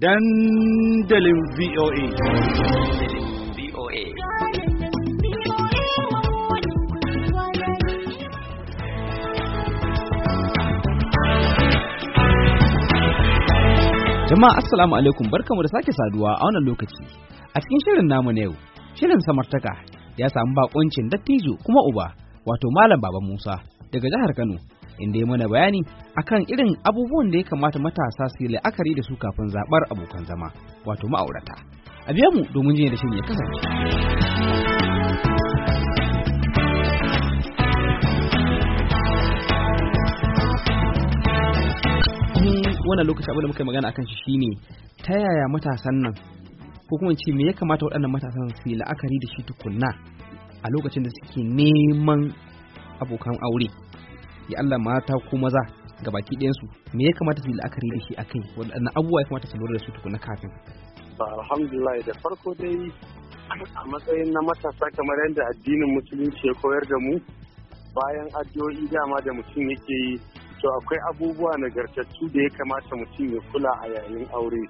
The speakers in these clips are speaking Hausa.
dandalin VOA. Jama'a Assalamu alaikum barkamu da sake saduwa a wannan lokaci. A cikin shirin namu na yau, shirin samartaka ya samu bakoncin dattijo kuma uba wato Malam Baba Musa daga jihar Kano inda ya mana bayani akan irin abubuwan da ya kamata matasa su yi la'akari da su kafin zaɓar abokan zama wato ma'aurata a biya mu domin jinya da shi ya kasance wannan lokaci abin da muka magana akan shi shine ta yaya matasan nan ko kuma ce me ya kamata waɗannan matasan su yi la'akari da shi tukunna a lokacin da suke neman abokan aure ya Allah mata ko maza ga baki ɗayansu me ya kamata su yi la'akari da shi akai waɗannan abubuwa ya kamata su lura da su tukuna kafin ba alhamdulillah da farko dai a matsayin na matasa kamar yadda addinin musulunci ya koyar da mu bayan addu'o'i dama da mutum yake yi to akwai abubuwa nagartattu da ya kamata mutum ya kula a yayin aure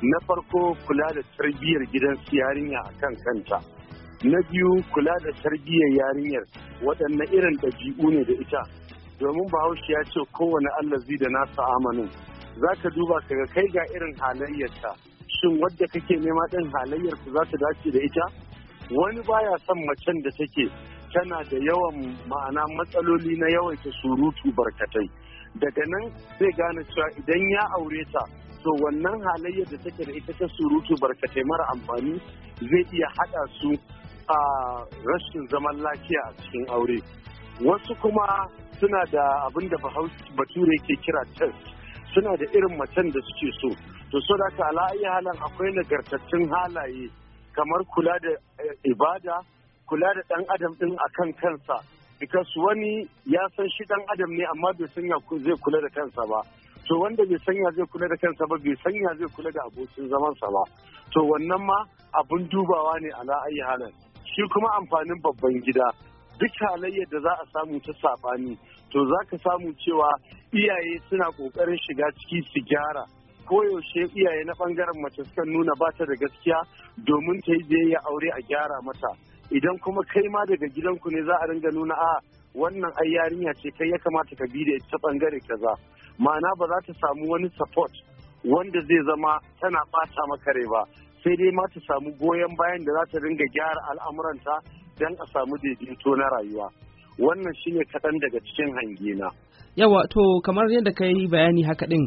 na farko kula da tarbiyyar gidan su yarinya a kan kanta na biyu kula da tarbiyyar yarinyar waɗanne irin ɗabi'u ne da ita domin bahaushe ya ce kowane allah zai da nasa amanin za ka duba ka ga kai ga irin halayyarta shin wadda kake nema ɗin halayyar ku za ta dace da ita wani baya son macen da take tana da yawan ma'ana matsaloli na ta surutu barkatai daga nan zai gane cewa idan ya aure ta to wannan halayyar da take da ita ta surutu barkatai mara amfani zai iya haɗa su a rashin zaman lafiya a cikin aure wasu kuma suna da abin da bature ke kira test suna da irin macen da suke so to so da ka halan akwai nagartattun halaye kamar kula da eh, ibada kula da ɗan adam ɗin akan kansa because wani ya san shi ɗan adam ne amma bai sanya zai kula da kansa ba to wanda bai sanya zai kula da kansa ba bai sanya zai kula da abokin zamansa ba to wannan ma abin dubawa ne ala ayi halin shi kuma amfanin babban gida duk halayyar da za a samu ta saɓani to za ka samu cewa iyaye suna ƙoƙarin shiga ciki su gyara koyaushe iyaye na ɓangaren mace sukan nuna ba ta da gaskiya domin ta yi biyayya aure a gyara mata idan kuma kai ma daga gidanku ne za a ringa nuna a wannan ai yarinya ce kai ya kamata ka bi da ita ɓangare kaza ma'ana ba za ta samu wani support wanda zai zama tana ɓata maka rai ba sai dai ma ta samu goyon bayan da za ta ringa gyara al'amuranta don a samu daidaito na rayuwa wannan shine kaɗan daga cikin hangina yawa to kamar yadda ka yi bayani haka ɗin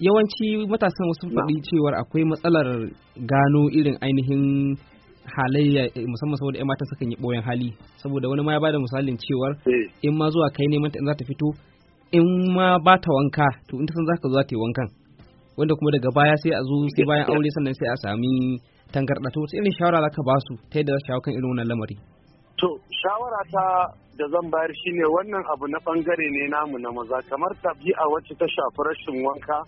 yawanci matasan wasu faɗi cewar akwai matsalar gano irin ainihin halayya eh, musamman saboda 'yan mata sukan yi ɓoyen hali saboda wani ma ya bada misalin cewar eh. in ma zuwa kai neman in za ta fito in ma ba ta wanka to in ta san za ka zo ta yi wankan wanda kuma daga baya sai a zo sai bayan aure sannan sai a sami tangarɗa to irin shawara za ka ba su ta yadda za su shawo kan irin wannan lamari To, shawara ta da zan bayar shi ne wannan abu na bangare ne namu na maza kamar tabi'a wacce ta shafi rashin wanka,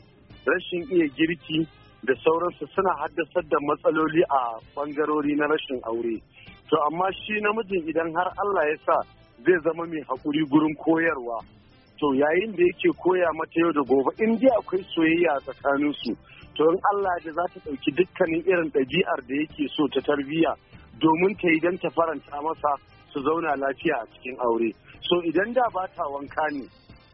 rashin iya girki da sauransu suna haddasar da matsaloli a bangarori na rashin aure. To, amma shi namijin idan har Allah ya sa zai zama mai haƙuri gurin koyarwa. To, yayin da yake koya mata yau da gobe, in dai akwai soyayya tsakaninsu, to in Allah ya za ta ɗauki dukkanin irin ɗabi'ar da yake so ta tarbiyya. domin ta yi don ta faranta masa su zauna lafiya a cikin aure so idan da ba ta wanka ne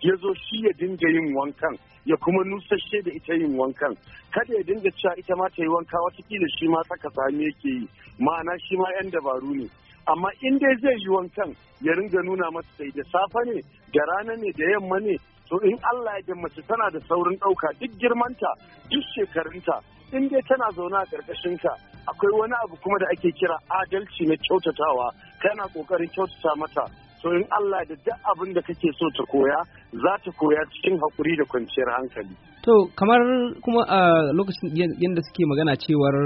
ya zo shi ya dinga yin wankan ya kuma nusashe da ita yin wankan kada ya dinga cewa ita ma ta yi wanka watakila shi ma tsaka sami yake yi ma'ana shi ma 'yan dabaru ne amma in dai zai yi wankan ya ringa nuna masa sai da safe ne da rana ne da yamma ne to in Allah ya mace tana da saurin ɗauka duk girmanta duk shekarunta in dai tana zaune a ƙarƙashinka akwai wani abu kuma da ake kira adalci na kyautatawa kana kokarin kyautata mata to in Allah da duk abin da kake so ta koya za ta koya cikin hakuri da kwanciyar hankali to kamar kuma a lokacin yadda suke magana cewar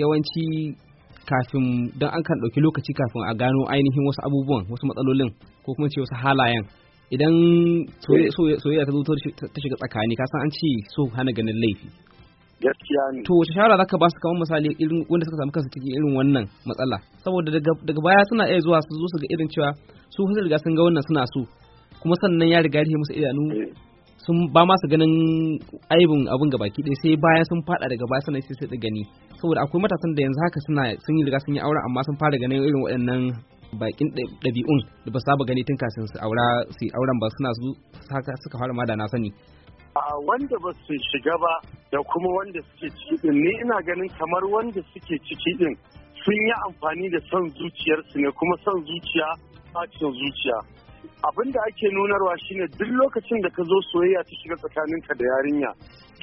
yawanci kafin don an kan ɗauki lokaci kafin a gano ainihin wasu abubuwan wasu matsalolin ko kuma ce wasu halayen idan soyayya ta zo ta shiga tsakani kasan an ce so hana ganin laifi gaskiya ne to wace shawara zaka ba su kamar misali irin wanda suka samu kansu cikin irin wannan matsala saboda daga baya suna iya zuwa su zo su ga irin cewa su sun riga sun ga wannan suna so kuma sannan ya riga rihe musu idanu eh. sun ba ma su ganin aibin abin ga baki ɗaya sai baya sun fada daga baya sannan sai su gani saboda akwai matasan da yanzu haka suna sun yi riga sun yi aure amma sun fara ganin irin waɗannan bakin ɗabi'un da ba saba gani tun kafin su aura su auren ba suna su suka fara ma da na sani a wanda ba su shiga ba da kuma wanda suke ciki din ne ina ganin kamar wanda suke ciki din sun yi amfani da son zuciyarsu ne kuma son zuciya bacin zuciya abin da ake nunarwa shine duk lokacin da ka zo soyayya ta shiga ka da yarinya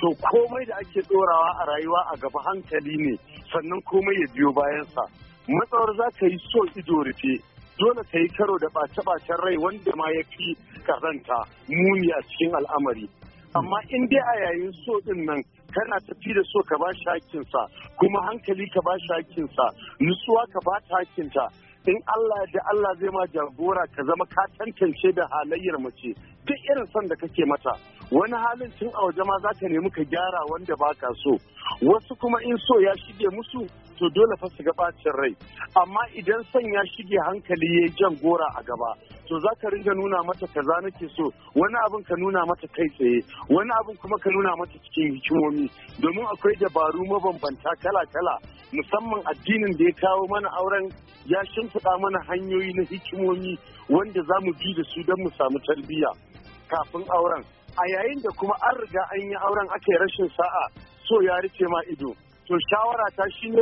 to komai da ake dorawa a rayuwa a gaba hankali ne sannan komai ya biyo bayansa matsawar za ka yi so ido rufe dole ka yi karo da ɓace-ɓacen rai wanda ma ya fi karanta muni a cikin al'amari amma in dai a yayin so din nan kana tafi da so ka ba shi hakinsa kuma hankali ka ba shi hakinsa nutsuwa ka ba ta hakinta in Allah da Allah zai ma jagora ka zama ka tantance da halayyar mace duk irin son da kake mata wani halin tun a waje ma za ka nemi ka gyara wanda ba ka so wasu kuma in so ya shige musu to dole fa su ga bacin rai amma idan son ya shige hankali ya jan gora a gaba to za ka ringa nuna mata kaza nake so wani abin ka nuna mata kai tsaye wani abin kuma ka nuna mata cikin hikimomi domin akwai dabaru mabambanta kala-kala musamman addinin da ya kawo mana auren ya shimfiɗa mana hanyoyi na hikimomi wanda za mu bi da su don mu samu tarbiyya kafin auren a yayin da kuma an riga an yi auren aka yi rashin sa'a so ya rike ma ido to shawara ta shine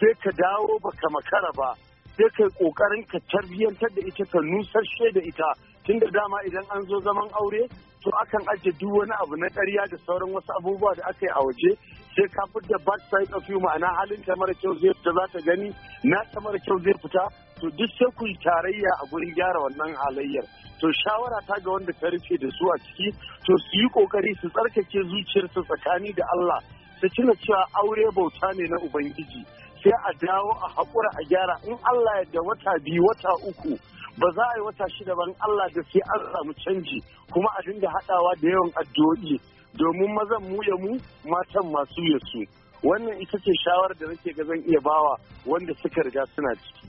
sai ka dawo baka makara ba sai kai kokarin ka tarbiyyantar da ita ka nusashe da ita tun da dama idan an zo zaman aure to akan ajiye duk wani abu na ƙarya da sauran wasu abubuwa da aka yi a waje sai ka da bad side of you ma'ana halin ta mara kyau zai fita za ta gani na ta mara kyau zai fita to duk sai ku yi tarayya a gurin gyara wannan halayyar to shawara ta ga wanda ta rufe da su a ciki to su yi kokari su tsarkake zuciyarsu tsakani da Allah su cina cewa aure bauta ne na ubangiji sai a dawo a haƙura a gyara in Allah ya da wata biyu wata uku ba za a yi wata shida in Allah da sai an samu canji kuma a dinga haɗawa da yawan addu'o'i domin mazan mu ya mu matan masu ya su wannan ita ce shawarar da nake ga zan iya bawa wanda suka riga suna ciki.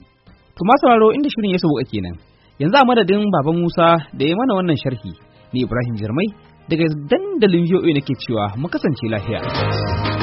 Tuma sauraro inda shirin ya sauka kenan yanzu a madadin Baba Musa da ya mana wannan sharhi ni Ibrahim Jirmai daga dandalin VOA nake cewa mu kasance lafiya.